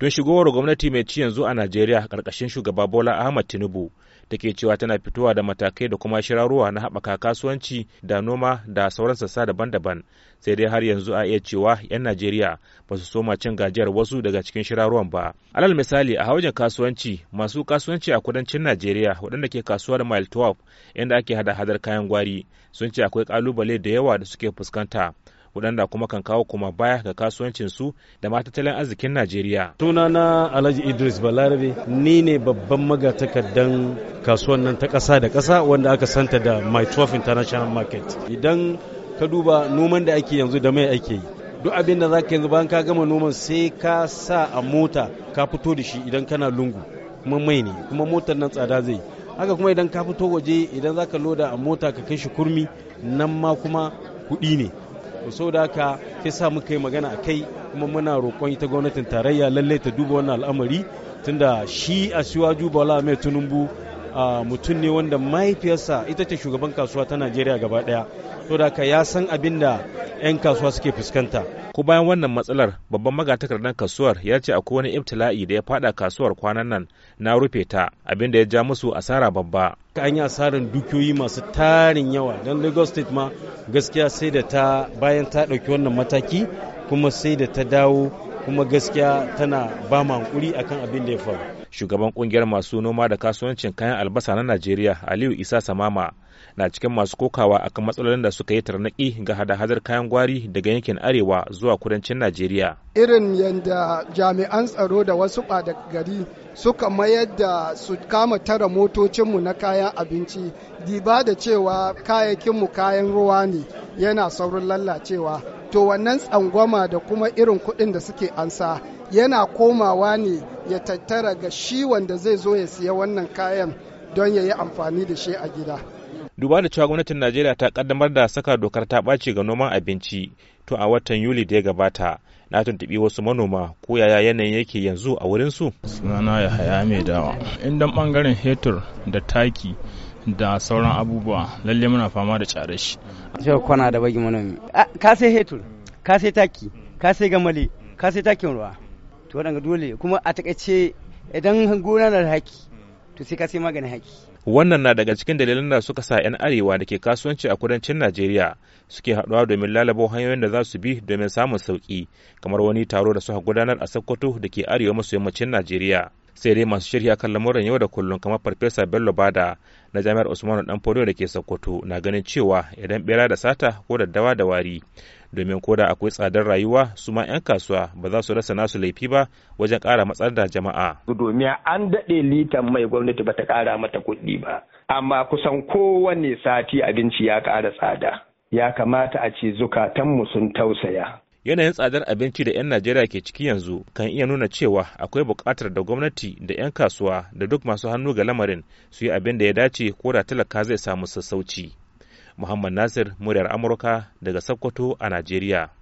don shigowar gwamnati mai ci yanzu a najeriya karkashin shugaba bola ahmad tinubu da ke cewa tana fitowa da matakai da kuma shirarruwa na haɓaka kasuwanci da noma da sauran sassa daban-daban sai dai har yanzu a iya cewa 'yan najeriya ba su soma cin gajiyar wasu daga cikin shirarruwan ba alal misali a hawajin kasuwanci masu kasuwanci a kudancin najeriya waɗanda ke kasuwar mile 12 inda ake hada-hadar kayan gwari sun ce akwai kalubale da yawa da suke fuskanta waɗanda kuma kan kawo kuma baya ga kasuwancin su da ma tattalin arzikin Najeriya. Sunana Alhaji Idris Balarabe ni ne babban magatakardan kasuwan nan ta kasa da kasa wanda aka santa da My 12 International Market. Idan ka duba noman da ake yanzu da mai ake yi duk abin da zaka yanzu bayan ka gama noman sai ka sa a mota ka fito da shi idan kana lungu kuma mai ne kuma motar nan tsada zai haka kuma idan ka fito waje idan za ka loda a mota ka kai shi kurmi nan ma kuma kuɗi ne so da haka ke sa muka yi magana a kai kuma muna roƙon ita gwamnatin tarayya lallai ta duba wannan al'amari tunda shi a shiwaju bala mai tunumbu mutum ne wanda mahaifiyarsa ita ce shugaban kasuwa ta najeriya gaba daya to da ya san abin da 'yan kasuwa suke fuskanta ko bayan wannan matsalar babban magatakardar kasuwar ya ce akwai wani ibtila'i da ya fada kasuwar kwanan nan na rufe ta abin da ya ja musu asara babba an yi asarar dukiyoyi masu tarin yawa don lagos state ma gaskiya sai da ta bayan ta ɗauki wannan mataki kuma sai da ta dawo kuma gaskiya tana ba mu akan abin da ya faru shugaban kungiyar masu noma da kasuwancin kayan albasa na Najeriya Aliyu Isa Samama na cikin masu kokawa akan matsalolin da suka yi tarnaki ga hada-hadar kayan gwari daga yankin arewa zuwa kudancin Najeriya irin yadda jami'an tsaro da wasu ɓada gari suka mayar da su kama tara motocinmu na kayan abinci diba da cewa kayayyakinmu kayan ruwa ne yana saurin lallacewa to wannan tsangwama da kuma irin kuɗin da suke ansa yana komawa ne ya tattara ga shi wanda zai zo ya siya wannan kayan don ya yi amfani da shi a gida. Duba da cewa gwamnatin Najeriya ta kaddamar da saka dokar ta ɓaci ga noman abinci tun a watan Yuli da ya gabata. Na tuntuɓi wasu manoma ko yaya yanayin yake yanzu a wurinsu. Sunana ya haya mai dawa. Indan ɓangaren hetur da taki da sauran abubuwa lalle muna fama da tsare shi sai kwana da bagi manomi ka sai hetur ka sai taki ka sai gamale ka sai takin ruwa to wadanga dole kuma a takaice idan gona na da haki to sai ka sai maganin haki wannan na daga cikin dalilan da suka sa 'yan arewa da ke kasuwanci a kudancin najeriya suke haɗuwa domin lalabo hanyoyin da za su bi domin samun sauƙi kamar wani taro da suka gudanar a sokoto da ke arewa maso yammacin najeriya sai dai masu shirya kan lamuran yau da kullum kamar farfesa bello bada na jami'ar usmanu dan da ke sokoto na ganin cewa idan bera da sata ko da dawa da wari domin koda akwai tsadar rayuwa su ma 'yan kasuwa ba za su rasa nasu laifi ba wajen kara matsar da jama'a. Domin an daɗe litan mai gwamnati ba ta kara mata kuɗi ba, amma kusan kowane sati abinci ya kara tsada. Ya kamata a ce zukatanmu sun tausaya. yanayin tsadar abinci da 'yan najeriya ke ciki yanzu kan iya nuna cewa akwai bukatar da gwamnati da 'yan kasuwa da duk masu hannu ga lamarin su yi abin da ya dace ko da talaka zai samu sassauci muhammad nasir muryar amurka daga sokoto a najeriya